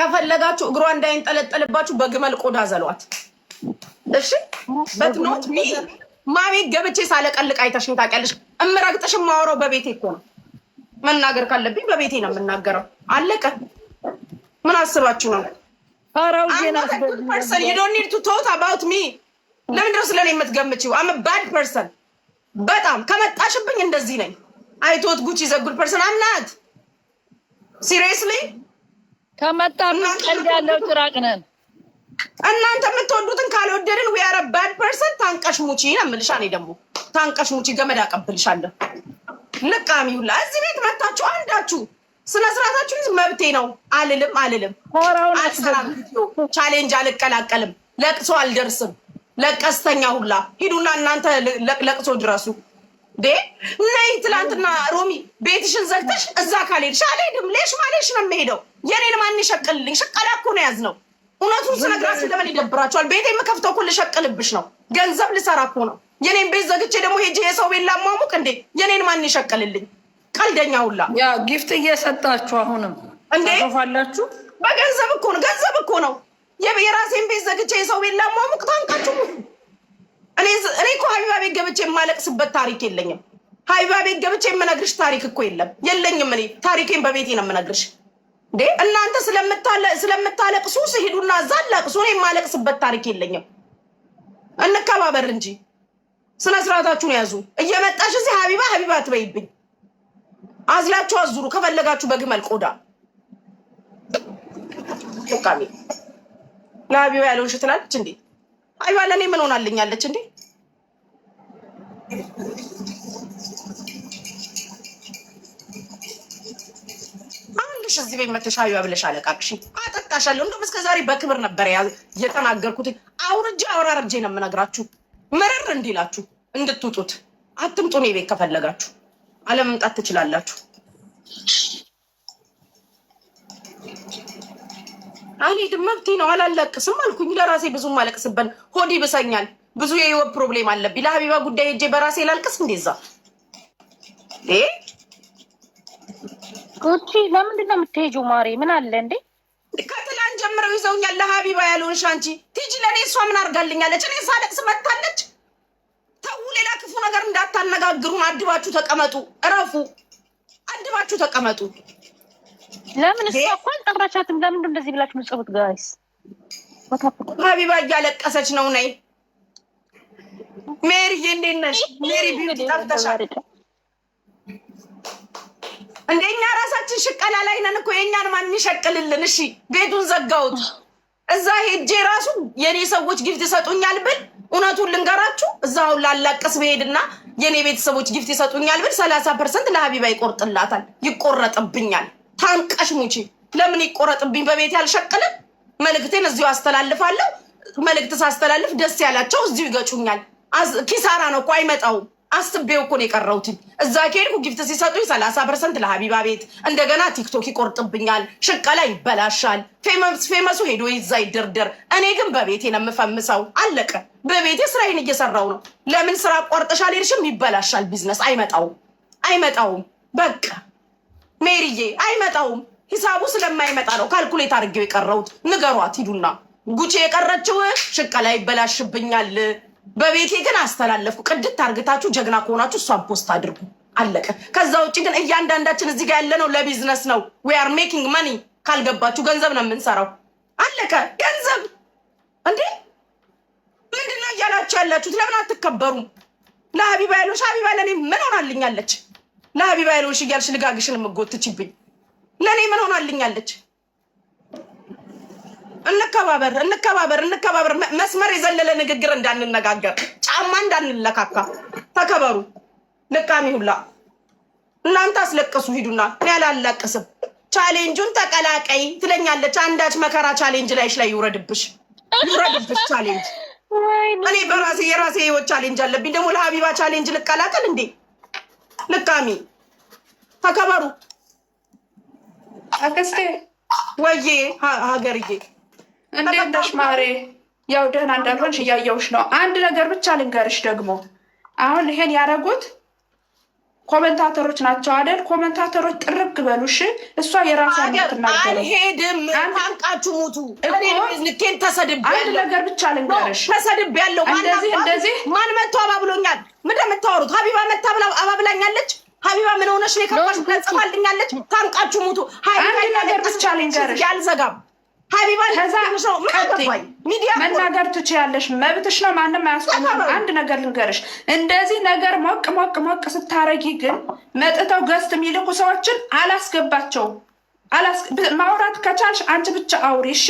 ከፈለጋችሁ እግሯ እንዳይንጠለጠልባችሁ በግመል ቆዳ ዘሏት። እሺ በትኖት ሚ ማቤት ገብቼ ሳለቀልቅ አይተሽኝ ታውቂያለሽ። እምረግጥሽ ማወራው በቤቴ እኮ ነው። መናገር ካለብኝ በቤቴ ነው የምናገረው። አለቀ። ምን አስባችሁ ነው? ፐርሰን ዩዶን ኒድ ቱ ቶት አባውት ሚ። ለምንድነው ስለኔ የምትገምችው? አም ባድ ፐርሰን በጣም ከመጣሽብኝ እንደዚህ ነኝ። አይቶት ጉቺ ዘጉድ ፐርሰን አምናት ሲሪየስሊ ከመጣብን ቀልድ ያለው ጭራቅ ነን። እናንተ የምትወዱትን ካልወደድን ዊ ባድ ፐርሰን። ታንቀሽ ሙቺ ነው የምልሽ። እኔ ደግሞ ታንቀሽ ሙቺ ገመድ አቀብልሻለሁ። ልቃሚ ሁላ እዚህ ቤት መታችሁ አንዳችሁ ስነ ስርዓታችሁን መብቴ ነው አልልም አልልም። አልሰራም፣ ቻሌንጅ አልቀላቀልም፣ ለቅሶ አልደርስም። ለቀስተኛ ሁላ ሂዱና እናንተ ለቅሶ ድረሱ። ነይ ትላንትና ሮሚ ቤትሽን ዘግተሽ እዛ ካልሄድሽ አልሄድም ሌሽ ማሌሽ ነው የምሄደው። የኔን ማን ይሸቅልልኝ? ሽቀላ እኮ ነው ያዝነው። እውነቱን ስነግራችሁ ለምን ይደብራቸዋል? ቤቴ የምከፍተው እኮ ልሸቅልብሽ ነው፣ ገንዘብ ልሰራ እኮ ነው። የኔን ቤት ዘግቼ ደግሞ ሄጄ የሰው ቤት ላሟሙቅ እንዴ? የኔን ማን ይሸቅልልኝ? ቀልደኛ ሁላ ያ ጊፍት እየሰጣችሁ አሁንም እንዴ ፋላችሁ በገንዘብ እኮ ነው ገንዘብ እኮ ነው። የራሴን ቤት ዘግቼ የሰው ቤት ላሟሙቅ ታንቃችሁ እኔ እኮ ሀቢባ ቤት ገብቼ የማለቅስበት ታሪክ የለኝም። ሀቢባ ቤት ገብቼ የምነግርሽ ታሪክ እኮ የለም የለኝም። እኔ ታሪኬን በቤቴ ነው የምነግርሽ። እንዴ እናንተ ስለምታለቅሱ ስሄዱና እዛ እኔ የማለቅስበት ታሪክ የለኝም። እንከባበር እንጂ ስነ ስርዓታችሁን ያዙ። እየመጣሽ እዚህ ሀቢባ ሀቢባ አትበይብኝ። አዝላችሁ አዙሩ ከፈለጋችሁ በግመል ቆዳ ለሀቢባ ያለውን ሽትላለች እንዴ ባለ ለእኔ ምን ሆናልኛለች እንዴ? አንድሽ እዚህ ቤት መተሽ ብለሽ አለቃቅሽ አጠጣሻለሁ። እንደውም እስከ ዛሬ በክብር ነበር የተናገርኩት። አውርጄ አውራርጄ ነው የምነግራችሁ፣ ምርር እንዲላችሁ እንድትውጡት። አትምጡ እኔ ቤት ከፈለጋችሁ አለመምጣት ትችላላችሁ። አልሄድም፣ መብቴ ነው። አላለቅስም አልኩኝ። ለራሴ ብዙም አለቅስበን ሆድ ይብሰኛል። ብዙ የህይወት ፕሮብሌም አለብኝ። ለሀቢባ ጉዳይ ሄጄ በራሴ ላልቅስ እንደዛ ጉቺ ለምንድን ነው የምትሄጂው? ማሬ ምን አለ እንዴ? ከትላንት ጀምረው ይዘውኛል። ለሀቢባ ያልሆንሽ አንቺ ቲጂ ለእኔ እሷ ምን አድርጋልኛለች? እኔ ሳለቅስ መታለች። ተው፣ ሌላ ክፉ ነገር እንዳታነጋግሩን። አድባችሁ ተቀመጡ፣ እረፉ። አድባችሁ ተቀመጡ። ለምን እሷ እኮ አልጠራቻትም? ለምንድ እንደዚህ ብላችሁ ምጽፉት? ጋይስ ሀቢባ እያለቀሰች ነው። ነይ ሜሪ፣ እንዴት ነሽ ሜሪ? ቢዩቲ ጠፍተሻል። እንደ እኛ ራሳችን ሽቀላ ላይ ነን እኮ የእኛን ማን ይሸቅልልን? እሺ ቤቱን ዘጋውት። እዛ ሄጄ ራሱ የእኔ ሰዎች ጊፍት ይሰጡኛል ብል እውነቱን ልንገራችሁ፣ እዛ አሁን ላላቀስ ብሄድና የእኔ ቤተሰቦች ጊፍት ይሰጡኛል ብል ሰላሳ ፐርሰንት ለሀቢባ ይቆርጥላታል፣ ይቆረጥብኛል ታንቀሽ ሙቺ። ለምን ይቆረጥብኝ? በቤት ያልሸቅልም። መልእክቴን እዚሁ አስተላልፋለሁ። መልእክት ሳስተላልፍ ደስ ያላቸው እዚሁ ይገጩኛል። ኪሳራ ነው እኮ አይመጣውም። አስቤው እኮ ነው የቀረውትኝ። እዛ ከሄድኩ ጊፍት ሲሰጡኝ ሰላሳ ፐርሰንት ለሀቢባ ቤት፣ እንደገና ቲክቶክ ይቆርጥብኛል፣ ሽቀላ ይበላሻል፣ ፌመሱ ሄዶ ይዛ ይደርደር። እኔ ግን በቤቴ ነው የምፈምሰው። አለቀ። በቤቴ ስራዬን እየሰራው ነው። ለምን ስራ አቋርጠሻል ሄድሽም? ይበላሻል፣ ቢዝነስ አይመጣውም፣ አይመጣውም በቃ ሜሪዬ አይመጣውም። ሂሳቡ ስለማይመጣ ነው ካልኩሌት አድርጌው የቀረውት። ንገሯት ሂዱና ጉቼ የቀረችው ሽቀላ ይበላሽብኛል። በቤቴ ግን አስተላለፍኩ። ቅድት አርግታችሁ ጀግና ከሆናችሁ እሷን ፖስት አድርጉ። አለቀ። ከዛ ውጭ ግን እያንዳንዳችን እዚህ ጋር ያለነው ነው ለቢዝነስ ነው። ዊ አር ሜኪንግ መኒ። ካልገባችሁ ገንዘብ ነው የምንሰራው። አለቀ። ገንዘብ እንዴ ምንድነው እያላችሁ ያላችሁት? ለምን አትከበሩም? ለሀቢባ ያለች ሀቢባ ለእኔ ምን ሆናልኛለች? ለሀቢባ ይሎሽ እያልሽ ልጋግሽን የምጎትችብኝ ለእኔ ምን ሆናልኛለች? እንከባበር፣ እንከባበር፣ እንከባበር። መስመር የዘለለ ንግግር እንዳንነጋገር፣ ጫማ እንዳንለካካ፣ ተከበሩ። ልቃሚ ሁላ እናንተ አስለቀሱ። ሂዱና እኔ አላለቅስም። ቻሌንጁን ተቀላቀይ ትለኛለች። አንዳች መከራ ቻሌንጅ ላይሽ ላይ ይውረድብሽ፣ ይውረድብሽ ቻሌንጅ። እኔ በራሴ የራሴ ህይወት ቻሌንጅ አለብኝ። ደግሞ ለሀቢባ ቻሌንጅ ልቀላቀል እንዴ? ልቃሚ ተከበሩ። አክስቴ ወዬ ሀገርዬ እንዴት ነሽ ማሬ? ያው ደህና እንዳልሆንሽ እያየሁሽ ነው። አንድ ነገር ብቻ ልንገርሽ ደግሞ አሁን ይሄን ያደረጉት ኮመንታተሮች ናቸው አደል? ኮመንታተሮች ጥርግ በሉሽ። እሷ የራሷ ትናገረ ታንቃችሁ ሙቱ ልኬን ተሰድብ። አንድ ነገር ብቻ ልንገርሽ ተሰድብ ያለው እንደዚህ እንደዚህ ማን መጥቶ አባብሎኛል? ምንድን ነው የምታወሩት? ሀቢባ መታ አባብላኛለች ሀቢባ ምን ሆነሽ ነው የከፋሽ? ጽፋልኛለች። ታንቃችሁ ሙቱ። ሀቢባ ሀቢባ መናገር ትችያለሽ፣ መብትሽ ነው። ማንም አያስቆምም። አንድ ነገር ልንገርሽ፣ እንደዚህ ነገር ሞቅ ሞቅ ሞቅ ስታረጊ ግን መጥተው ገዝት የሚልኩ ሰዎችን አላስገባቸውም። ማውራት ከቻልሽ አንቺ ብቻ አውሪ እሺ።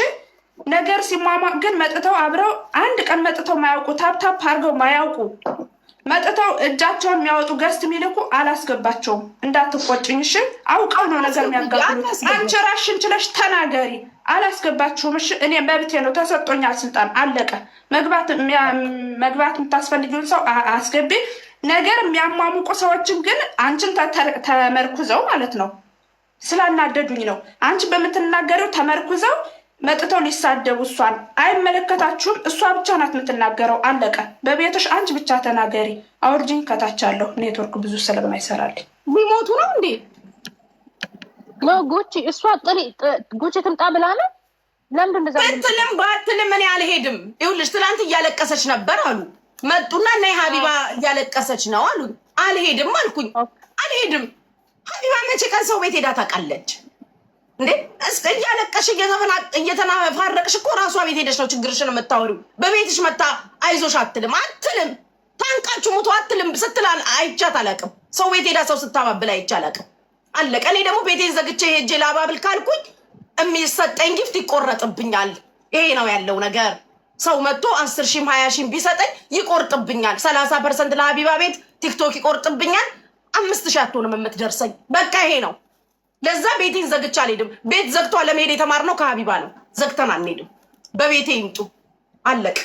ነገር ሲሟሟቅ ግን መጥተው አብረው አንድ ቀን መጥተው ማያውቁ ታፕታፕ አድርገው ማያውቁ መጥተው እጃቸውን የሚያወጡ ገስት የሚልኩ አላስገባቸውም። እንዳትቆጭኝ እሺ። አውቀው ነው ነገር የሚያጋብሉት። አንቺ ራስሽን ችለሽ ተናገሪ። አላስገባችሁም እሺ። እኔ መብቴ ነው ተሰጦኛል፣ ስልጣን አለቀ። መግባት መግባት የምታስፈልጊውን ሰው አስገቢ። ነገር የሚያሟሙቁ ሰዎችም ግን አንቺን ተመርኩዘው ማለት ነው ስላናደዱኝ ነው አንቺን በምትናገረው ተመርኩዘው መጥተው ሊሳደቡ እሷን አይመለከታችሁም። እሷ ብቻ ናት የምትናገረው። አለቀ። በቤትሽ አንቺ ብቻ ተናገሪ። አውርጅኝ ከታች አለሁ። ኔትወርክ ብዙ ስለማይሰራልኝ ሊሞቱ ነው እንዴ? ጉቺ እሷ ጥሪ ጉቺ ትምጣ ብላ ነው። ለምንድን ብትልም ባትልም እኔ አልሄድም። ይኸውልሽ ትናንት እያለቀሰች ነበር አሉ። መጡና እና ሀቢባ እያለቀሰች ነው አሉ። አልሄድም አልኩኝ። አልሄድም ሀቢባ መቼ ቀን ሰው ቤት ሄዳ ታውቃለች? እንዴ እያለቀሽ እየተናፋረቅሽ እኮ ራሷ ቤት ሄደሽ ነው ችግርሽን የምታወሪው። በቤትሽ መታ አይዞሽ አትልም አትልም። ታንቃችሁ ሙቶ አትልም ስትላል አይቻት አላቅም። ሰው ቤት ሄዳ ሰው ስታባብል አይቻ አላቅም። አለቀ። እኔ ደግሞ ቤቴን ዘግቼ ሄጄ ላባብል ካልኩኝ የሚሰጠኝ ጊፍት ይቆረጥብኛል። ይሄ ነው ያለው ነገር። ሰው መጥቶ አስር ሺም ሀያ ሺም ቢሰጠኝ ይቆርጥብኛል። ሰላሳ ፐርሰንት ለሀቢባ ቤት ቲክቶክ ይቆርጥብኛል። አምስት ሺህ አትሆንም የምትደርሰኝ። በቃ ይሄ ነው። ለዛ ቤቴን ዘግቻ አልሄድም። ቤት ዘግቷ ለመሄድ የተማርነው ከሀቢባ ነው። ዘግተን አንሄድም። በቤቴ ይምጡ። አለቅ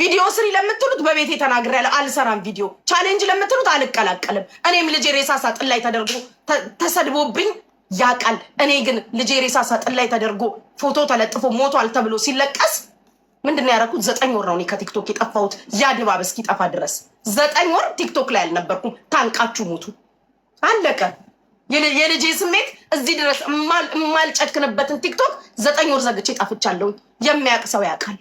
ቪዲዮ ስሪ ለምትሉት በቤቴ ተናግሬያለሁ። አልሰራም ቪዲዮ ቻሌንጅ ለምትሉት አልቀላቀልም። እኔም ልጄ ሬሳ ሳጥን ላይ ተደርጎ ተሰድቦብኝ ያቃል። እኔ ግን ልጄ ሬሳ ሳጥን ላይ ተደርጎ ፎቶ ተለጥፎ ሞቷል ተብሎ ሲለቀስ ምንድን ነው ያደረኩት? ዘጠኝ ወር ነው እኔ ከቲክቶክ የጠፋሁት። ያ ድባብ እስኪጠፋ ድረስ ዘጠኝ ወር ቲክቶክ ላይ አልነበርኩም። ታንቃችሁ ሞቱ አለቀ። የልጄ ስሜት እዚህ ድረስ የማልጨክንበትን ቲክቶክ ዘጠኝ ወር ዘግቼ ጣፍቻለሁ። የሚያውቅ ሰው ያውቃል።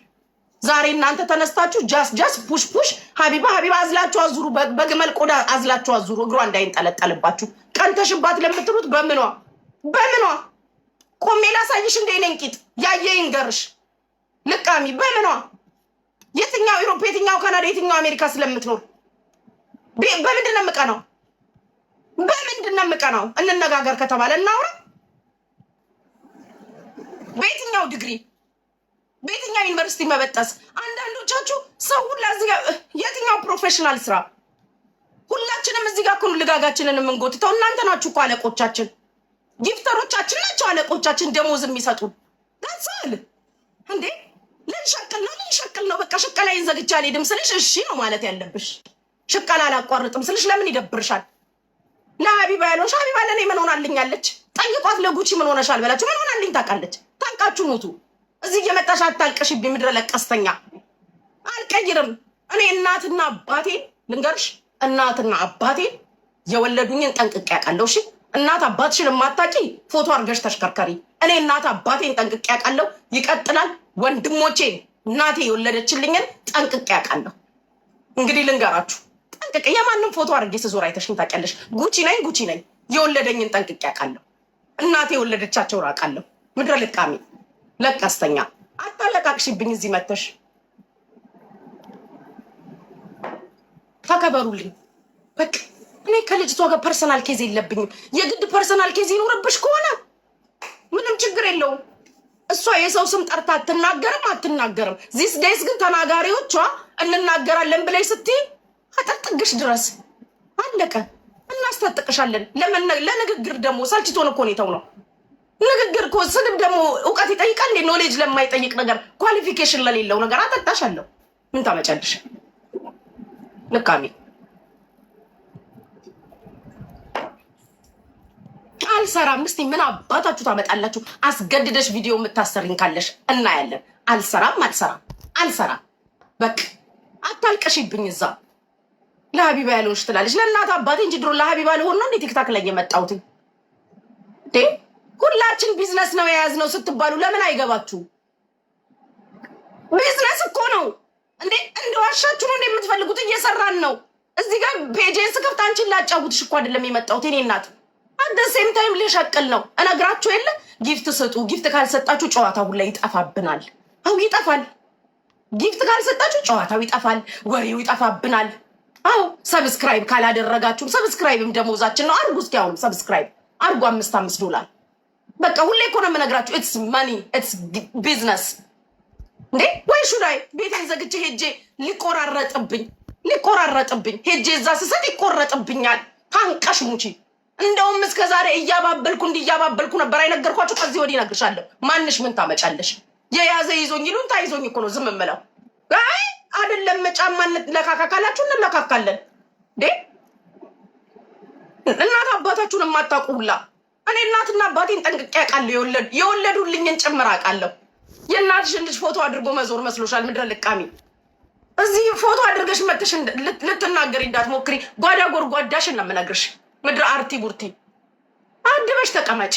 ዛሬ እናንተ ተነስታችሁ ጃስ ጃስ ፑሽ ፑሽ ሀቢባ ሀቢባ አዝላችሁ አዙሩ፣ በግመል ቆዳ አዝላችሁ አዙሩ፣ እግሯ እንዳይንጠለጠልባችሁ ቀንተሽባት ለምትሉት በምኗ በምኗ ቆሜ ላሳይሽ እንደ ነኝ ቂጥ ያየ ይንገርሽ ልቃሚ በምኗ የትኛው ኢሮፕ፣ የትኛው ካናዳ፣ የትኛው አሜሪካ ስለምትኖር በምንድን ነው በምንድን ነው የምቀናው? እንነጋገር ከተባለ እናውራ። በየትኛው ዲግሪ በየትኛው ዩኒቨርሲቲ መበጠስ? አንዳንዶቻችሁ ሰው ሁላ እዚህ ጋር የትኛው ፕሮፌሽናል ስራ? ሁላችንም እዚህ ጋር ኩኑ ልጋጋችንን የምንጎትተው እናንተ ናችሁ እኮ አለቆቻችን፣ ጊፍተሮቻችን ናቸው አለቆቻችን፣ ደሞዝ የሚሰጡን ዳንሳል እንዴ። ልንሸቅል ነው ልንሸቅል ነው በቃ ሽቀላይን ዘግቻ ሌድም ስልሽ እሺ ነው ማለት ያለብሽ። ሽቀላ አላቋርጥም ስልሽ ለምን ይደብርሻል? ለሀቢባ ያልሆንሽ ሀቢባ ለእኔ ምን ሆናልኛለች? ጠይቋት። ለጉቺ ምን ሆነሻል በላቸው። ምን ሆናልኝ ታውቃለች። ታውቃችሁ ሙቱ። እዚህ እየመጣሽ አታልቅሽብኝ፣ ምድረ ለቀስተኛ። አልቀይርም እኔ እናትና አባቴ ልንገርሽ፣ እናትና አባቴ የወለዱኝን ጠንቅቄ አውቃለሁ። እሺ እናት አባትሽን የማታቂ ፎቶ አድርገሽ ተሽከርከሪ። እኔ እናት አባቴን ጠንቅቄ አውቃለሁ። ይቀጥላል። ወንድሞቼን እናቴ የወለደችልኝን ጠንቅቄ አውቃለሁ። እንግዲህ ልንገራችሁ ጠንቅቄ የማንም ፎቶ አድርጌ ስዞር አይተሽኝ ታውቂያለሽ። ጉቺ ነኝ ጉቺ ነኝ። የወለደኝን ጠንቅቄ አውቃለሁ። እናቴ የወለደቻቸውን አውቃለሁ። ምድረ ልቃሚ ለቀስተኛ አታለቃቅሽብኝ። እዚህ መተሽ ተከበሩልኝ። በቃ እኔ ከልጅቷ ጋር ፐርሰናል ኬዝ የለብኝም። የግድ ፐርሰናል ኬዝ ይኖረብሽ ከሆነ ምንም ችግር የለውም። እሷ የሰው ስም ጠርታ አትናገርም አትናገርም። ዚስ ዴይስ ግን ተናጋሪዎቿ እንናገራለን ብለሽ ስትይ አጠጥግሽ ድረስ አለቀ። እናስታጥቅሻለን። ለንግግር ደግሞ ሰልችቶን እኮ ነው የተው ነው ንግግር እኮ ስድብ ደግሞ እውቀት ይጠይቃል። እንደ ኖሌጅ ለማይጠይቅ ነገር ኳሊፊኬሽን ለሌለው ነገር አጠጣሻለሁ። ምን ታመጫለሽ? ልካሚ አልሰራም። እስኪ ምን አባታችሁ ታመጣላችሁ? አስገድደሽ ቪዲዮ የምታሰሪኝ ካለሽ እናያለን። አልሰራም፣ አልሰራም፣ አልሰራም። በቃ አታልቀሽብኝ እዛ ለሀቢባ ያልሆንሽ ትላለች። ለእናት አባቴ እንጂ ድሮ ለሀቢባ ልሆን ነው እንዴ ቲክታክ ላይ የመጣሁት ሁላችን ቢዝነስ ነው የያዝነው ስትባሉ ለምን አይገባችሁ? ቢዝነስ እኮ ነው እንዴ? እንደዋሻችሁ ነው የምትፈልጉት። እየሰራን ነው። እዚህ ጋር ፔጄን ስከፍት አንቺን ላጫውትሽ እኮ አይደለም የመጣሁት። እኔ እናት አደ ሴም ታይም ልሸቅል ነው እነግራችሁ የለ ጊፍት ስጡ። ጊፍት ካልሰጣችሁ ጨዋታ ሁላ ይጠፋብናል። አው ይጠፋል። ጊፍት ካልሰጣችሁ ጨዋታው ይጠፋል። ወሬው ይጠፋብናል። አዎ ሰብስክራይብ ካላደረጋችሁ ሰብስክራይብም ደሞዛችን ነው። አርጉ እስኪ አሁን ሰብስክራይብ አርጉ። አምስት አምስት ዶላር በቃ ሁሌ እኮ ነው የምነግራችሁ። ኢትስ ማኒ ኢትስ ቢዝነስ እንዴ ወይ ሹዳይ ቤቴን ዘግቼ ሄጄ ሊቆራረጥብኝ ሊቆራረጥብኝ ሄጄ እዛ ስሰት ይቆረጥብኛል። ታንቀሽ ሙቺ። እንደውም እስከ ዛሬ እያባበልኩ እንዲያባበልኩ ነበር አይነገርኳችሁ። ከዚህ ወዲህ እነግርሻለሁ። ማንሽ ምን ታመጫለሽ? የያዘ ይዞኝ ይሉን ታይዞኝ እኮ ነው ዝም ምለው አይ አይደለም፣ ጫማ እንለካካ ካላችሁ እንለካካለን። እንዴ እናት አባታችሁን የማታውቁ ሁላ እኔ እናትና አባቴን ጠንቅቄ አውቃለሁ። የወለዱልኝን ጭምር አውቃለሁ። የእናትሽን ልጅ ፎቶ አድርጎ መዞር መስሎሻል? ምድረ ልቃሚ እዚህ ፎቶ አድርገሽ መጥሽ ልትናገሪ እንዳትሞክሪ። ጓዳ ጎርጓዳሽን ነው የምነግርሽ። ምድረ አርቲ ቡርቲ አድበሽ ተቀመጪ።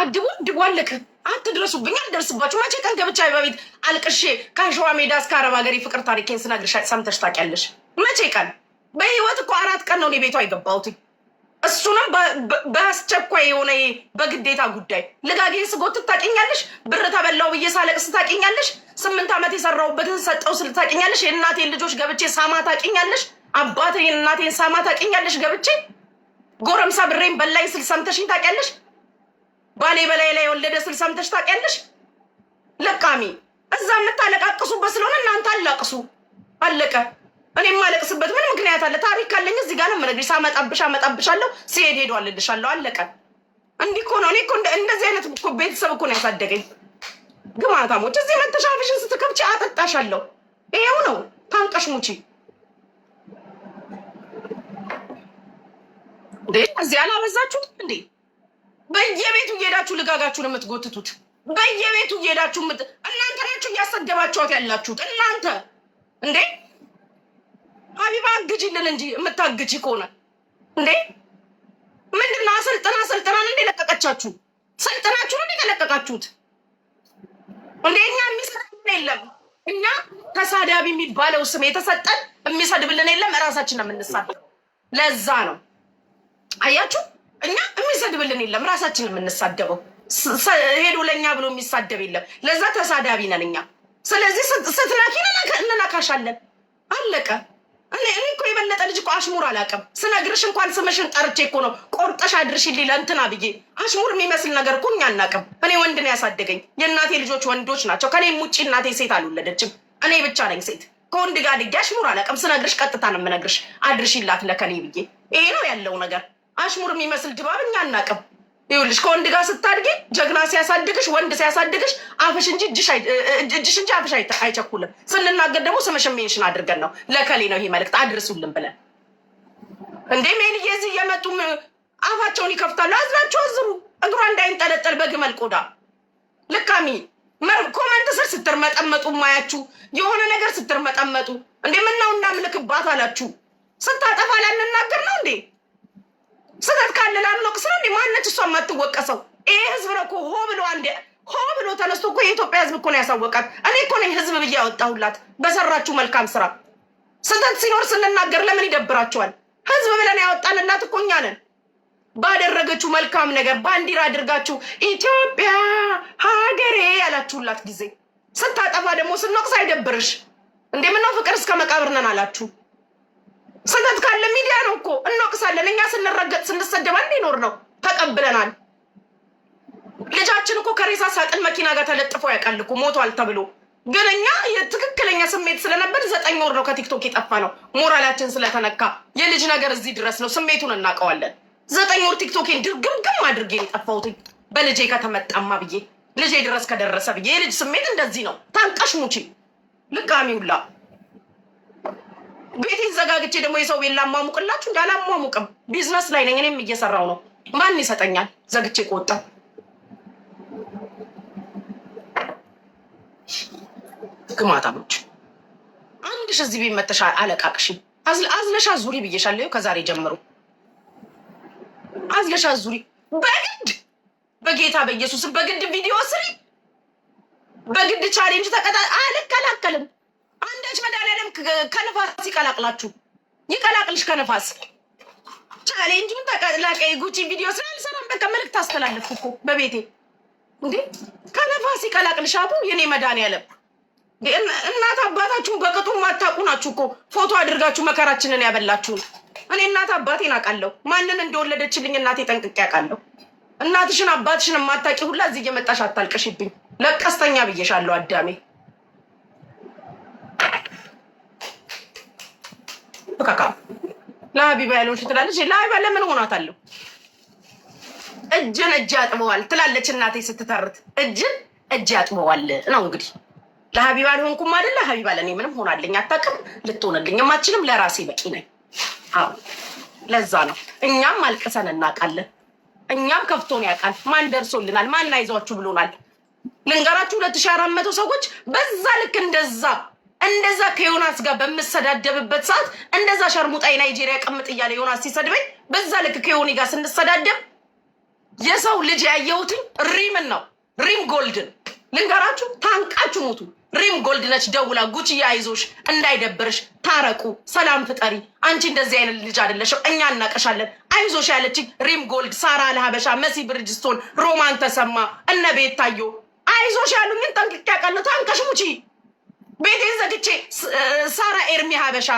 አድቡ ድቧልክ አትድረሱብኝ፣ አልደርስባችሁ። መቼ ቀን ገብቻ በቤት አልቅሼ ከሸዋ ሜዳ እስከ አረብ ሀገር የፍቅር ታሪኬን ስነግርሽ ሰምተሽ ታውቂያለሽ? መቼ ቀን በህይወት እኮ አራት ቀን ነው እኔ ቤቷ አይገባሁት። እሱንም በአስቸኳይ የሆነ በግዴታ ጉዳይ ልጋጌን ስጎትት ትታቂኛለሽ? ብር ተበላው ብዬ ሳለቅስ ታውቂኛለሽ። ስምንት ዓመት የሰራሁበትን ሰጠው ስል የእናቴን ልጆች ገብቼ ሳማ ታቂኛለሽ? አባቴን እናቴን ሳማ ታቂኛለሽ? ገብቼ ጎረምሳ ብሬን በላኝ ስል ሰምተሽኝ ባሌ በላይ ላይ የወለደ ስል ሰምተሽ ታውቂያለሽ? ለቃሚ እዛ የምታለቃቅሱበት ስለሆነ እናንተ አላቅሱ። አለቀ። እኔ የማለቅስበት ምን ምክንያት አለ? ታሪክ ካለኝ እዚህ ጋር ነው የምነግርሽ። ሳመጣብሽ አመጣብሻለሁ፣ ሲሄድ ሄዶ አልልሻለሁ። አለቀ። እንዲህ እኮ ነው። እኔ እኮ እንደዚህ አይነት እኮ ቤተሰብ እኮ ነው ያሳደገኝ። ግማታሞች እዚህ መተሻፍሽን ስትከብጪ አጠጣሻለሁ። ይሄው ነው። ታንቀሽ ሙቺ። እዚህ አላበዛችሁት እንዴ? በየቤቱ እየሄዳችሁ ልጋጋችሁን የምትጎትቱት በየቤቱ እየሄዳችሁ እናንተ ናችሁ እያሰደባችኋት ያላችሁት። እናንተ እንዴ ሀቢባ አግጂልን እንጂ የምታግጅ ከሆነ እንዴ ምንድን አሰልጥና አሰልጥናን እንዴ ለቀቀቻችሁ? ሰልጥናችሁን እንዴ ተለቀቃችሁት? እንዴ እኛ የሚሰራልን የለም። እኛ ተሳዳቢ የሚባለው ስም የተሰጠን የሚሰድብልን የለም። እራሳችን ነው ለዛ ነው አያችሁ እኛ የሚሰድብልን የለም፣ ራሳችን የምንሳደበው ሄዶ ለእኛ ብሎ የሚሳደብ የለም። ለዛ ተሳዳቢ ነን እኛ። ስለዚህ ስትናኪ እንነካሻለን። አለቀ። እኔ እኮ የበለጠ ልጅ እኮ አሽሙር አላውቅም። ስነግርሽ እንኳን ስምሽን ጠርቼ እኮ ነው ቆርጠሽ አድርሽልኝ ለእንትና ብዬ። አሽሙር የሚመስል ነገር እኮ እኛ አናውቅም። እኔ ወንድ ነው ያሳደገኝ። የእናቴ ልጆች ወንዶች ናቸው። ከእኔም ውጭ እናቴ ሴት አልወለደችም። እኔ ብቻ ነኝ ሴት። ከወንድ ጋር አድጌ አሽሙር አላውቅም። ስነግርሽ ቀጥታ ነው የምነግርሽ፣ አድርሽላት ለከኔ ብዬ። ይሄ ነው ያለው ነገር። አሽሙር የሚመስል ድባብ እኛ አናቅም። ይኸውልሽ ከወንድ ጋር ስታድጊ ጀግና ሲያሳድግሽ ወንድ ሲያሳድግሽ አፍሽ እንጂ እጅሽ እንጂ አፍሽ አይቸኩልም። ስንናገር ደግሞ ስምሽን ሜንሽን አድርገን ነው ለከሌ ነው ይሄ መልእክት አድርሱልን ብለን እንዴ ሜን እየዚህ እየመጡ አፋቸውን ይከፍታሉ። አዝናቸው አዝሩ እግሯ እንዳይንጠለጠል በግመል ቆዳ ልካሚ ኮመንት ስር ስትርመጠመጡ ማያችሁ የሆነ ነገር ስትርመጠመጡ እንዴ ምናው እናምልክባት አላችሁ ስታጠፋ ላንናገር ነው እንዴ ስህተት ካለ ላንወቅ ስለ እንዲ ማነች እሷ የማትወቀሰው? ይሄ ህዝብ ነው እኮ ሆ ብሎ አንዴ ሆ ብሎ ተነስቶ እኮ የኢትዮጵያ ህዝብ እኮ ነው ያሳወቃት። እኔ እኮ ነኝ ህዝብ ብዬ ያወጣሁላት በሰራችሁ መልካም ስራ። ስህተት ሲኖር ስንናገር ለምን ይደብራቸዋል? ህዝብ ብለን ያወጣንላት እኮ እኛ ነን። ባደረገችው መልካም ነገር ባንዲራ አድርጋችሁ ኢትዮጵያ ሀገሬ ያላችሁላት ጊዜ ስታጠፋ ደግሞ ስንወቅስ አይደብርሽ? እንደምነው ፍቅር እስከ መቃብር ነን አላችሁ። ስህተት ካለ ሚዲያ ነው እኮ እንወቅሳለን። እኛ ስንረገጥ ስንሰደብ እንዲኖር ነው ተቀብለናል። ልጃችን እኮ ከሬሳ ሳጥን መኪና ጋር ተለጥፎ ያውቃል እኮ ሞቷል ተብሎ ግን እኛ የትክክለኛ ስሜት ስለነበር ዘጠኝ ወር ነው ከቲክቶክ የጠፋ ነው። ሞራላችን ስለተነካ የልጅ ነገር እዚህ ድረስ ነው። ስሜቱን እናውቀዋለን። ዘጠኝ ወር ቲክቶኬን ድርግምግም አድርጌ የጠፋሁት በልጄ ከተመጣማ ብዬ ልጄ ድረስ ከደረሰ ብዬ የልጅ ስሜት እንደዚህ ነው። ታንቀሽ ሙቺ ልቃሚ ሁላ ቤቴን ዘጋግቼ ደግሞ የሰው ቤት ላሟሙቅላችሁ እንዳላሟሙቅም ቢዝነስ ላይ ነኝ። እኔም እየሰራው ነው። ማን ይሰጠኛል? ዘግቼ ቆጣ ግማታሞች አንድሽ እዚህ ቤት መተሻ አለቃቅሽ አዝለሻ ዙሪ ብዬሻለሁ። ከዛሬ ጀምሮ አዝለሻ ዙሪ በግድ በጌታ በኢየሱስም በግድ ቪዲዮ ስሪ፣ በግድ ቻሌንጅ ተቀጣ አልከላከልም። አንዳች መድኃኒዓለም ከነፋስ ይቀላቅላችሁ፣ ይቀላቅልሽ ከነፋስ ቻሌንጁን ተቀላቀይ። ጉቺ ቪዲዮ ስላልሰራም በቃ መልዕክት አስተላለፍኩ እኮ በቤቴ እንዴ። ከነፋስ ይቀላቅልሽ አቡ የኔ መድኃኒዓለም። እናት አባታችሁን በቅጡ ማታውቁ ናችሁ እኮ ፎቶ አድርጋችሁ መከራችንን ያበላችሁን። እኔ እናት አባቴን አውቃለሁ፣ ማንን እንደወለደችልኝ እናቴ ጠንቅቄ አውቃለሁ። እናትሽን አባትሽን የማታውቂ ሁላ እዚህ እየመጣሽ አታልቀሽብኝ ለቀስተኛ ብዬሻለሁ አዳሜ። በቃ ለሀቢባ ያልሆንሽ ትላለች። ለሀቢባ ለምን ሆኗታለሁ? እጅን እጅ ያጥበዋል ትላለች እናቴ ስትተርት። እጅን እጅ አጥበዋል ነው እንግዲህ። ለሀቢባ አልሆንኩም አይደለ? ሀቢባ ለእኔ ምንም ሆናለኝ አታውቅም፣ ልትሆንልኝም አችልም። ለራሴ በቂ ነኝ። አዎ ለዛ ነው እኛም አልቅሰን እናውቃለን። እኛም ከፍቶን ያውቃል። ማን ደርሶልናል? ማን አይዟችሁ ብሎናል? ልንገራችሁ፣ ሁለት ሺህ አራት መቶ ሰዎች በዛ ልክ እንደዛ እንደዛ ከዮናስ ጋር በምሰዳደብበት ሰዓት እንደዛ ሸርሙጣይ ናይጄሪያ ቀምጥ እያለ ዮናስ ሲሰድበኝ በዛ ልክ ከዮኒ ጋር ስንሰዳደብ የሰው ልጅ ያየሁትኝ ሪምን ነው። ሪም ጎልድን ልንገራችሁ፣ ታንቃችሁ ሙቱ። ሪም ጎልድ ነች ደውላ ጉቺ ያይዞሽ እንዳይደብርሽ ታረቁ፣ ሰላም ፍጠሪ። አንቺ እንደዚህ አይነት ልጅ አይደለሽም፣ እኛ እናቀሻለን፣ አይዞሽ ያለችኝ ሪም ጎልድ፣ ሳራ ለሀበሻ፣ መሲ ብርጅስቶን፣ ሮማን ተሰማ፣ እነ ቤታዮ አይዞሽ ያሉኝን ጠንቅቄ አውቃለሁ። ታንቀሽ ሙቺ ቤቴን ዘግቼ ሳራ ኤርሚ ሀበሻ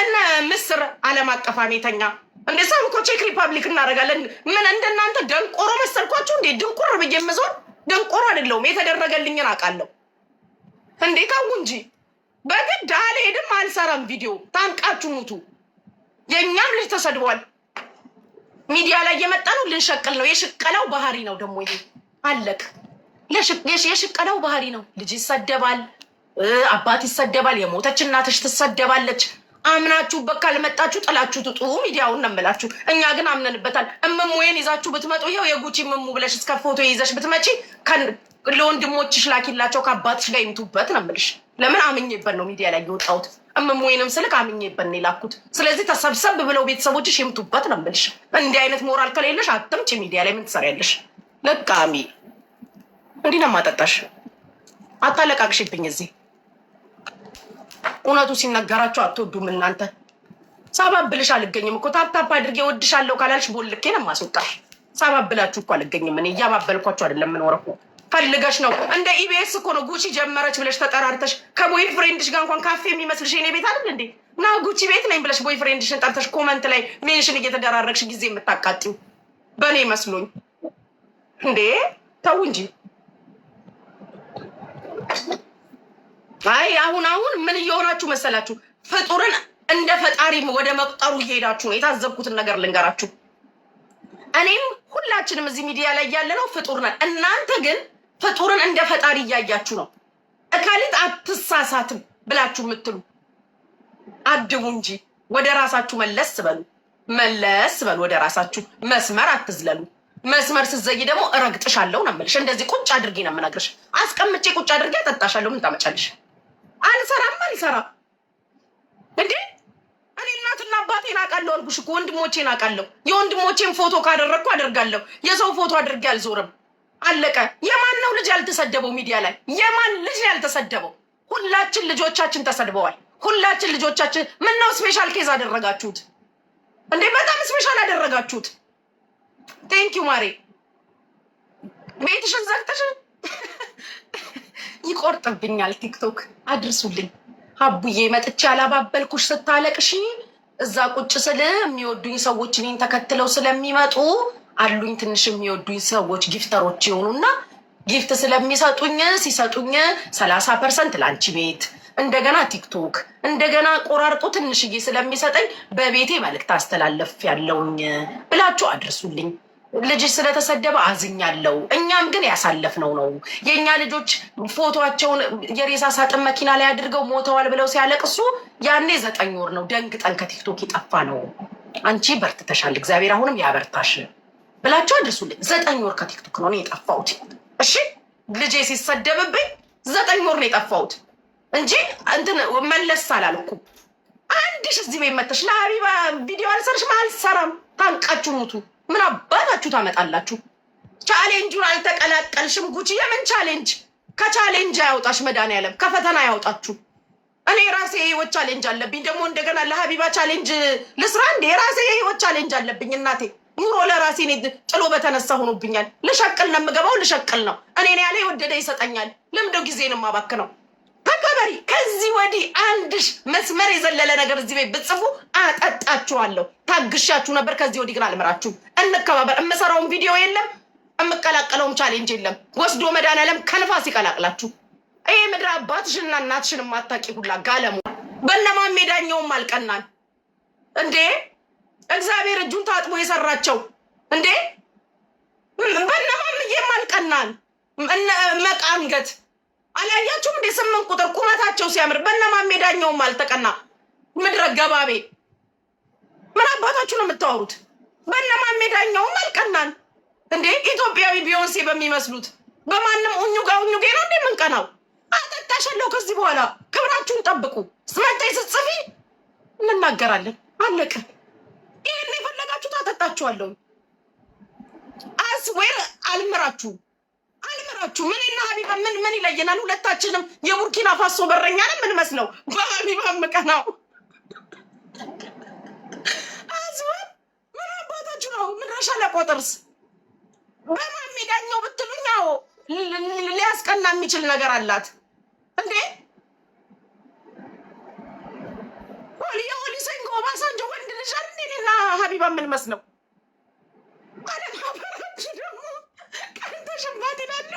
እነ ምስር አለም አቀፍ አሜተኛ እንደ ሳም እኮ ቼክ ሪፐብሊክ እናደርጋለን። ምን እንደናንተ ደንቆሮ መሰልኳችሁ እንዴ? ድንቁር ብዬ የምዞር ደንቆሮ አይደለሁም። የተደረገልኝን አውቃለሁ። እንዴ ተው እንጂ በግድ አልሄድም፣ አልሰራም። ቪዲዮ ታንቃችሁ ሙቱ። የእኛም ልጅ ተሰድቧል። ሚዲያ ላይ የመጣ ነው። ልንሸቅል ነው። የሽቀለው ባህሪ ነው ደግሞ ይሄ አለቅ። የሽቀለው ባህሪ ነው። ልጅ ይሰደባል። አባት ይሰደባል፣ የሞተች እናትሽ ትሰደባለች። አምናችሁ አምናችሁበት ካልመጣችሁ ጥላችሁ ትጡ። ሚዲያውን ነው እኛ ግን አምነንበታል። እምሙዬን ይዛችሁ ብትመጡ ይኸው የጉቺ እምሙ ብለሽ እስከ ፎቶ ይዘሽ ብትመጪ ለወንድሞችሽ ላኪላቸው ከአባትሽ ጋር ይምቱበት ነምልሽ። ለምን አምኜበት ነው ሚዲያ ላይ የወጣሁት። ወይንም ስልክ አምኜበት ነው የላኩት። ስለዚህ ተሰብሰብ ብለው ቤተሰቦችሽ ይምቱበት ነምልሽ። እንዲህ አይነት ሞራል ከሌለሽ አትምጪ ሚዲያ ላይ ምን ትሰሪያለሽ? ለቃሚ እንዲህ ነው አታለቃቅሽብኝ እዚህ እውነቱ ሲነገራቸው አትወዱም እናንተ። ብልሽ አልገኝም እኮ ታፕታፕ አድርጌ ወድሻለሁ ካላልሽ ቦልኬ ነው የማስወጣሽ። ሳባብላችሁ እኮ አልገኝም እኔ እያባበልኳቸው አይደለም የምኖረው ፈልገሽ ነው። እንደ ኢቢኤስ እኮ ነው ጉቺ ጀመረች ብለሽ ተጠራርተሽ ከቦይ ፍሬንድሽ ጋር እንኳን ካፌ የሚመስልሽ የኔ ቤት አይደል እንዴ? እና ጉቺ ቤት ነኝ ብለሽ ቦይ ፍሬንድሽን ጠርተሽ ኮመንት ላይ ሜንሽን እየተደራረግሽ ጊዜ የምታቃጢው በእኔ መስሎኝ እንዴ? ተው እንጂ አይ አሁን አሁን ምን እየሆናችሁ መሰላችሁ? ፍጡርን እንደ ፈጣሪ ወደ መቁጠሩ እየሄዳችሁ ነው። የታዘብኩትን ነገር ልንገራችሁ። እኔም ሁላችንም እዚህ ሚዲያ ላይ ያለ ነው ፍጡር ነን። እናንተ ግን ፍጡርን እንደ ፈጣሪ እያያችሁ ነው። እካሊት አትሳሳትም ብላችሁ የምትሉ አድቡ እንጂ ወደ ራሳችሁ መለስ በሉ፣ መለስ በሉ ወደ ራሳችሁ። መስመር አትዝለሉ። መስመር ስዘይ ደግሞ እረግጥሻለሁ ነው የምልሽ። እንደዚህ ቁጭ አድርጌ ነው የምነግርሽ። አስቀምጬ ቁጭ አድርጌ አጠጣሻለሁ። ምን ታመጫለሽ? አልሰራም አልሰራም እንዴ እኔ እናትና አባቴን አውቃለሁ አልኩሽ እኮ ወንድሞቼን አውቃለሁ የወንድሞቼን ፎቶ ካደረግኩ አደርጋለሁ የሰው ፎቶ አድርጌ አልዞርም አለቀ የማን ነው ልጅ ያልተሰደበው ሚዲያ ላይ የማን ልጅ ያልተሰደበው ሁላችን ልጆቻችን ተሰድበዋል ሁላችን ልጆቻችን ነው ስፔሻል ኬዝ አደረጋችሁት እንዴ በጣም ስፔሻል አደረጋችሁት ቴንኪዩ ማሬ ቤትሽን ዘግተሽን ይቆርጥብኛል። ቲክቶክ አድርሱልኝ። አቡዬ መጥቼ ያላባበልኩሽ ስታለቅሽ እዛ ቁጭ ስል የሚወዱኝ ሰዎች እኔን ተከትለው ስለሚመጡ አሉኝ ትንሽ የሚወዱኝ ሰዎች ጊፍተሮች የሆኑና ጊፍት ስለሚሰጡኝ ሲሰጡኝ ሰላሳ ፐርሰንት ላንቺ ቤት እንደገና ቲክቶክ እንደገና ቆራርጦ ትንሽዬ ስለሚሰጠኝ በቤቴ መልእክት አስተላለፍ ያለውኝ ብላችሁ አድርሱልኝ። ልጅ ስለተሰደበ አዝኛለው። እኛም ግን ያሳለፍነው ነው። የእኛ ልጆች ፎቶቸውን የሬሳ ሳጥን መኪና ላይ አድርገው ሞተዋል ብለው ሲያለቅሱ ያኔ ዘጠኝ ወር ነው ደንግጠን ከቲክቶክ የጠፋ ነው። አንቺ በርትተሻል፣ እግዚአብሔር አሁንም ያበርታሽ ብላቸው አድርሱልኝ። ዘጠኝ ወር ከቲክቶክ ነው የጠፋሁት። እሺ ልጄ ሲሰደብብኝ ዘጠኝ ወር ነው የጠፋሁት እንጂ እንትን መለስ አላልኩም። አንድሽ እዚህ ቤት መተሽ ለሀቢባ ቪዲዮ አልሰርሽም፣ አልሰራም። ታንቃችሁ ሙቱ። ምን አባታችሁ ታመጣላችሁ? ቻሌንጁን አልተቀላቀልሽም። ጉቺ የምን ቻሌንጅ? ከቻሌንጅ አያውጣሽ መድኃኒዓለም፣ ከፈተና አያውጣችሁ። እኔ የራሴ የህይወት ቻሌንጅ አለብኝ። ደግሞ እንደገና ለሀቢባ ቻሌንጅ ልስራ እንዴ? የራሴ የህይወት ቻሌንጅ አለብኝ እናቴ ኑሮ ለራሴ እኔ ጥሎ በተነሳ ሆኖብኛል። ልሸቅል ነው የምገባው፣ ልሸቅል ነው እኔ ያለ የወደደ ይሰጠኛል። ለምንድነው ጊዜን ማባክ ነው ተከበሪ። ከዚህ ወዲህ አንድ መስመር የዘለለ ነገር እዚህ ቤት ብጽፉ አጠጣችኋለሁ። ታግሻችሁ ነበር። ከዚህ ወዲህ ግን አልምራችሁ። እንከባበር። የምሰራውም ቪዲዮ የለም፣ የምቀላቀለውም ቻሌንጅ የለም። ወስዶ መድኃኒዓለም ከንፋስ ይቀላቅላችሁ። ይሄ ምድር አባትሽና እናትሽን ማታቂ ሁላ ጋለሙ በነማን ሜዳኛውም አልቀናል እንዴ እግዚአብሔር እጁን ታጥቦ የሰራቸው እንዴ በነማም የማልቀናን መቃንገት አላያችሁም እንደ ስምንት ቁጥር ቁመታቸው ሲያምር በእነማን ሜዳኛውም አልተቀና ምድረ ገባቤ ምን አባታችሁ ነው የምታወሩት? በእነማን ሜዳኛውም አልቀናን እንዴ ኢትዮጵያዊ ቢዮንሴ በሚመስሉት በማንም ኡኙ ጋ ኡኙ ጌ ነው እንዴ ምንቀናው? አጠጣሻለሁ። ከዚህ በኋላ ክብራችሁን ጠብቁ። ስመታይ ስጽፊ እንናገራለን። አለቀ። ይህን የፈለጋችሁት አጠጣችኋለሁ። አስዌር አልምራችሁም። አልመራችሁ ምን እና ሀቢባ ምን ምን ይለየናል? ሁለታችንም የቡርኪና ፋሶ በረኛ ነን። ምን መስለው በሀቢባ ምቀናው አዝበን ምን አባታችሁ ነው? ምን ራሻ ለቆጥርስ በማሜ ዳኛው ብትሉኛው ሊያስቀና የሚችል ነገር አላት እንዴ? የኦሊሰኝ ኦባሳንጆ ወንድ ልጅ አይደል? እኔና ሀቢባ ምን መስለው አለም ሀበራችሁ ተሽባት ይላሉ።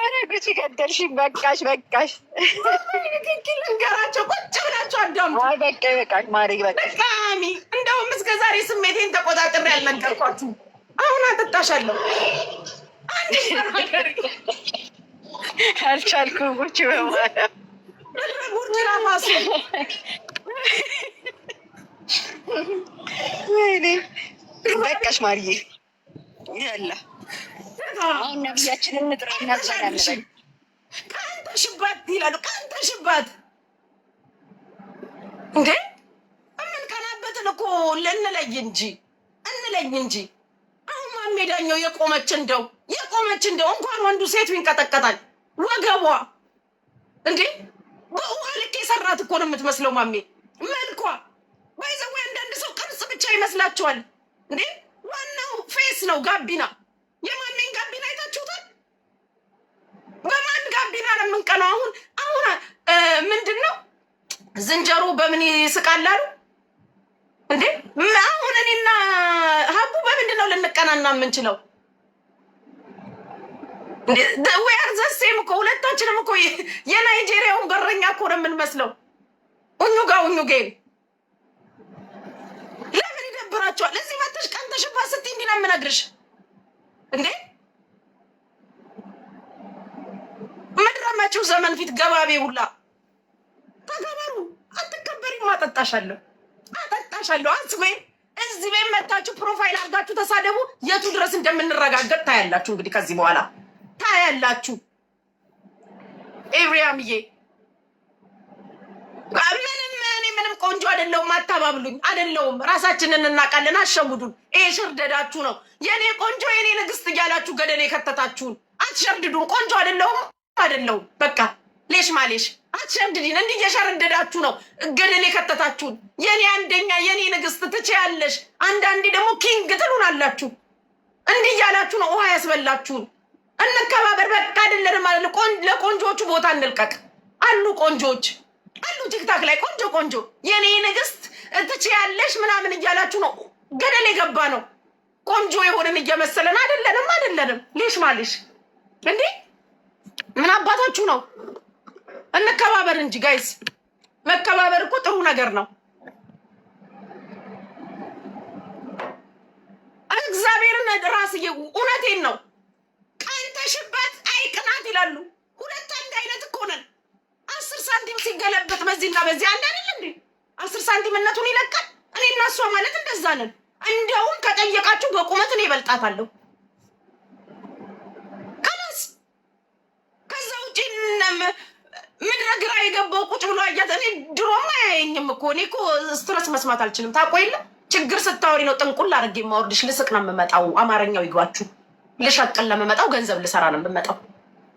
ኧረ ጉቺ ገደልሽኝ። በቃሽ በቃሽ። ንገራቸው። ቁጭ ብላቸው አዳምጡ። በቃ በቃሽ ማሪ በቃሽ። እንደውም እስከ ዛሬ ስሜቴን ተቆጣጥሬ ያልመገርኳችሁ አሁን አጠጣሻለሁ። አልቻልኩም ጉቺ በማለት ወይኔ በቃሽ ማርዬ ያላ አሁን ነቢያችንን ንጥራ እናብዛናለን። ቀንተሽባት ይላሉ። ቀንተሽባት እንዴ የምንቀናበትን እኮ እንለይ እንጂ እንለይ እንጂ። አሁን ማሜ ዳኛው የቆመች እንደው የቆመች እንደው እንኳን ወንዱ ሴቱ ይንቀጠቀጣል ወገቧ እንዴ በውሃ ልክ የሰራት እኮ ነው የምትመስለው ማሜ መልኳ ባይዘው። አንዳንድ ሰው ቅርጽ ብቻ ይመስላችኋል እንዴ? ዋናው ፌስ ነው ጋቢና ቢራ ነው የምንቀነው። አሁን አሁን ምንድን ነው ዝንጀሮ በምን ይስቃላሉ? እንዴ? አሁን እኔና ሀቡ በምንድን ነው ልንቀናና የምንችለው? ዌአር ዘሴም እኮ ሁለታችንም እኮ የናይጄሪያውን በረኛ እኮ ነው የምንመስለው። ኡኙጋ ኡኙጌ ለምን ይደብራቸዋል? እዚህ መጥተሽ ቀንተሽባ ስቲ እንዲህ ነው የምነግርሽ እንዴ ከመቼው ዘመን ፊት ገባቤ ሁላ ተገበሩ። አትከበሪም። አጠጣሻለሁ፣ አጠጣሻለሁ። አንስ እዚህ ወይም መታችሁ ፕሮፋይል አድርጋችሁ ተሳደቡ። የቱ ድረስ እንደምንረጋገጥ ታያላችሁ። እንግዲህ ከዚህ በኋላ ታያላችሁ። ኤብሪያምዬ ምንም እኔ ምንም ቆንጆ አይደለሁም። አታባብሉኝ። አይደለሁም ራሳችንን እናውቃለን። አሸውዱን። ይሄ ሸርደዳችሁ ነው። የእኔ ቆንጆ የእኔ ንግስት እያላችሁ ገደል የከተታችሁን አትሸርድዱን። ቆንጆ አይደለሁም አይደለሁም። በቃ ሌሽ ማሌሽ አትሸምድድን። እንዲህ እየሸረደዳችሁ ነው ገደል የከተታችሁን። የኔ አንደኛ፣ የኔ ንግስት ትችያለሽ። አንዳንዴ ደግሞ ኪንግ ትሉናላችሁ። እንዲህ እያላችሁ ነው ውሃ ያስበላችሁን። እንከባበር በቃ አይደለንም አለ። ለቆንጆቹ ቦታ እንልቀቅ አሉ። ቆንጆዎች አሉ ቲክታክ ላይ ቆንጆ ቆንጆ። የኔ ንግስት ትችያለሽ ምናምን እያላችሁ ነው ገደል የገባ ነው። ቆንጆ የሆነን እየመሰለን አይደለንም፣ አይደለንም። ሌሽ ማሌሽ እንዴ ምን አባታችሁ ነው? እንከባበር እንጂ ጋይስ፣ መከባበር እኮ ጥሩ ነገር ነው። እግዚአብሔርን ራስ እውነቴን ነው። ቀንተሽበት አይቅናት ይላሉ። ሁለት አንድ አይነት እኮ ነን። አስር ሳንቲም ሲገለበጥ በዚህና በዚህ አንድ አይደል እንዴ? አስር ሳንቲምነቱን ይለቃል። እኔ እና እሷ ማለት እንደዛ ነን። እንዲያውም ከጠየቃችሁ በቁመት እኔ እበልጣታለሁ። ምድረ ግራ የገባው ቁጭ ብሎ አያት። እኔ ድሮም አያየኝም እኮ እኔ እኮ ስትረስ መስማት አልችልም። ታቆ የለ ችግር ስታወሪ ነው ጥንቁል አድርጌ የማወርድሽ። ልስቅ ነው የምመጣው። አማርኛው ይግባችሁ። ልሸቅል ነው የምመጣው። ገንዘብ ልሰራ ነው የምመጣው።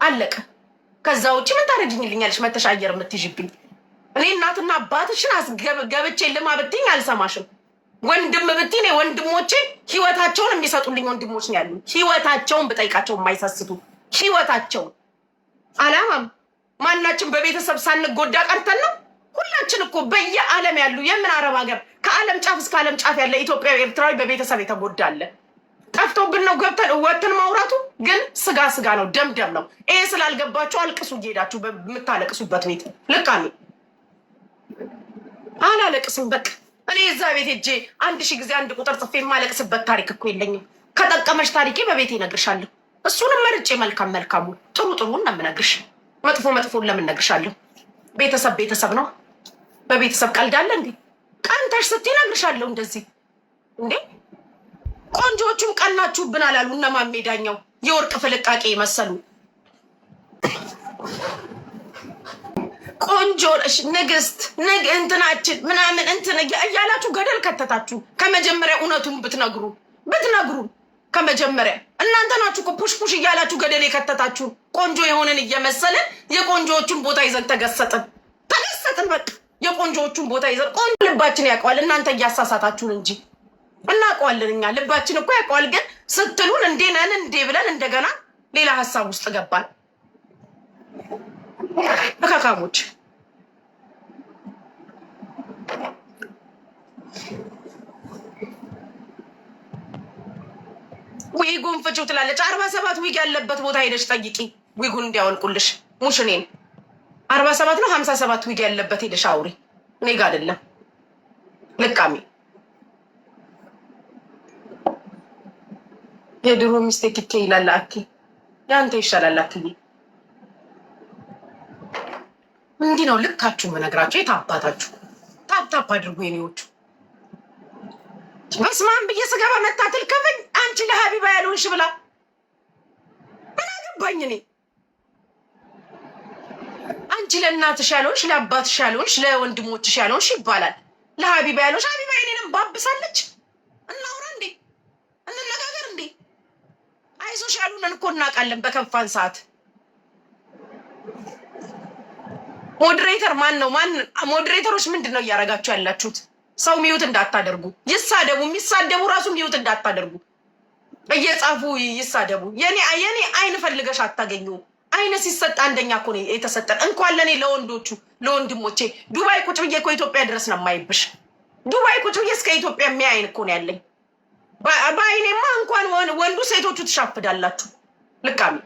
አለቀ። ከዛ ውጭ ምን ታደርጊልኛለሽ? መተሽ አየር የምትይዥብኝ እኔ እናትና አባትሽን አስገብቼ ልማ ብትኝ አልሰማሽም። ወንድም ብትኝ ወንድሞቼ ህይወታቸውን የሚሰጡልኝ ወንድሞች ያሉ። ህይወታቸውን ብጠይቃቸው የማይሰስቱ ህይወታቸውን አላማም ማናችን በቤተሰብ ሳንጎዳ ቀርተን ነው? ሁላችን እኮ በየዓለም ያሉ የምን አረብ ሀገር ከዓለም ጫፍ እስከ ዓለም ጫፍ ያለ ኢትዮጵያዊ ኤርትራዊ በቤተሰብ የተጎዳለ ጠፍቶብን ነው ገብተን እወትን ማውራቱ ግን ስጋ ስጋ ነው፣ ደምደም ነው። ይሄ ስላልገባችሁ አልቅሱ እየሄዳችሁ በምታለቅሱበት ቤት ልቃ አላለቅስም። በቃ እኔ እዛ ቤት እጄ አንድ ሺህ ጊዜ አንድ ቁጥር ጽፌ የማለቅስበት ታሪክ እኮ የለኝም። ከጠቀመሽ ታሪኬ በቤቴ ይነግርሻለሁ። እሱንም መርጬ መልካም መልካሙ ጥሩ ጥሩ እናምነግርሽ መጥፎ መጥፎን ለምን እነግርሻለሁ? ቤተሰብ ቤተሰብ ነው። በቤተሰብ ቀልዳለ እንዴ? ቀንተሽ ስትይ እነግርሻለሁ። እንደዚህ እንዴ ቆንጆዎቹም ቀናችሁብን አላሉ እነማሜ ዳኛው የወርቅ ፍልቃቄ መሰሉ ቆንጆ ነሽ ንግስት ንግ እንትናችን ምናምን እንትን እያላችሁ ገደል ከተታችሁ። ከመጀመሪያ እውነቱን ብትነግሩ ብትነግሩ ከመጀመሪያ እናንተ ናችሁ እኮ ፑሽ እያላችሁ ገደል የከተታችሁ። ቆንጆ የሆንን እየመሰልን የቆንጆዎቹን ቦታ ይዘን ተገሰጥን ተገሰጥን። በቃ የቆንጆዎቹን ቦታ ይዘን ቆንጆ ልባችን ያውቀዋል። እናንተ እያሳሳታችሁን እንጂ እናውቀዋለን እኛ ልባችን እኮ ያውቀዋል። ግን ስትሉን እንዴ ነን እንዴ ብለን እንደገና ሌላ ሀሳብ ውስጥ ገባል። እካካሞች ዊጉን ፍቺው ትላለች። አርባ ሰባት ዊግ ያለበት ቦታ ሄደሽ ጠይቂ። ዊጉን እንዲያወልቁልሽ ሙሽኔን አርባ ሰባት ነው ሀምሳ ሰባት ዊግ ያለበት ሄደሽ አውሪ። እኔ ጋ አይደለም ልቃሚ የድሮ ሚስቴ ክኬ ይላል አኬ የአንተ ይሻላል አክዬ። እንዲህ ነው ልካችሁ የምነግራችሁ። የት አባታችሁ ታፕታፕ አድርጉ የኔዎቹ። በስመ አብ ብዬ ስገባ መታትል ከፍ ምናምን ሽ ብላ ምን አገባኝ እኔ። አንቺ ለእናትሽ ያልሆንሽ ለአባትሽ ያልሆንሽ ለወንድሞችሽ ያልሆንሽ ይባላል። ለሀቢባ ያልሆንሽ ሀቢባ የኔንም ባብሳለች። እናውራ እንዴ እንነጋገር እንዴ። አይዞሽ ያሉንን እኮ እናውቃለን። በከፋን ሰዓት ሞዴሬተር ማን ነው? ማን ሞዴሬተሮች ምንድን ነው እያደረጋችሁ ያላችሁት? ሰው ሚዩት እንዳታደርጉ። ይሳደቡ፣ የሚሳደቡ ራሱ ሚዩት እንዳታደርጉ። እየጻፉ ይሳደቡ። የኔ የኔ አይን ፈልገሽ አታገኘውም። አይነ ሲሰጥ አንደኛ እኮ ነው የተሰጠን። እንኳን ለእኔ ለወንዶቹ ለወንድሞቼ ዱባይ ቁጭ ብዬ እኮ ኢትዮጵያ ድረስ ነው የማይብሽ። ዱባይ ቁጭ ብዬ እስከ ኢትዮጵያ የሚያይን እኮ ነው ያለኝ። በአይኔማ እንኳን ወንዱ ሴቶቹ ትሻፍዳላችሁ ልካሚ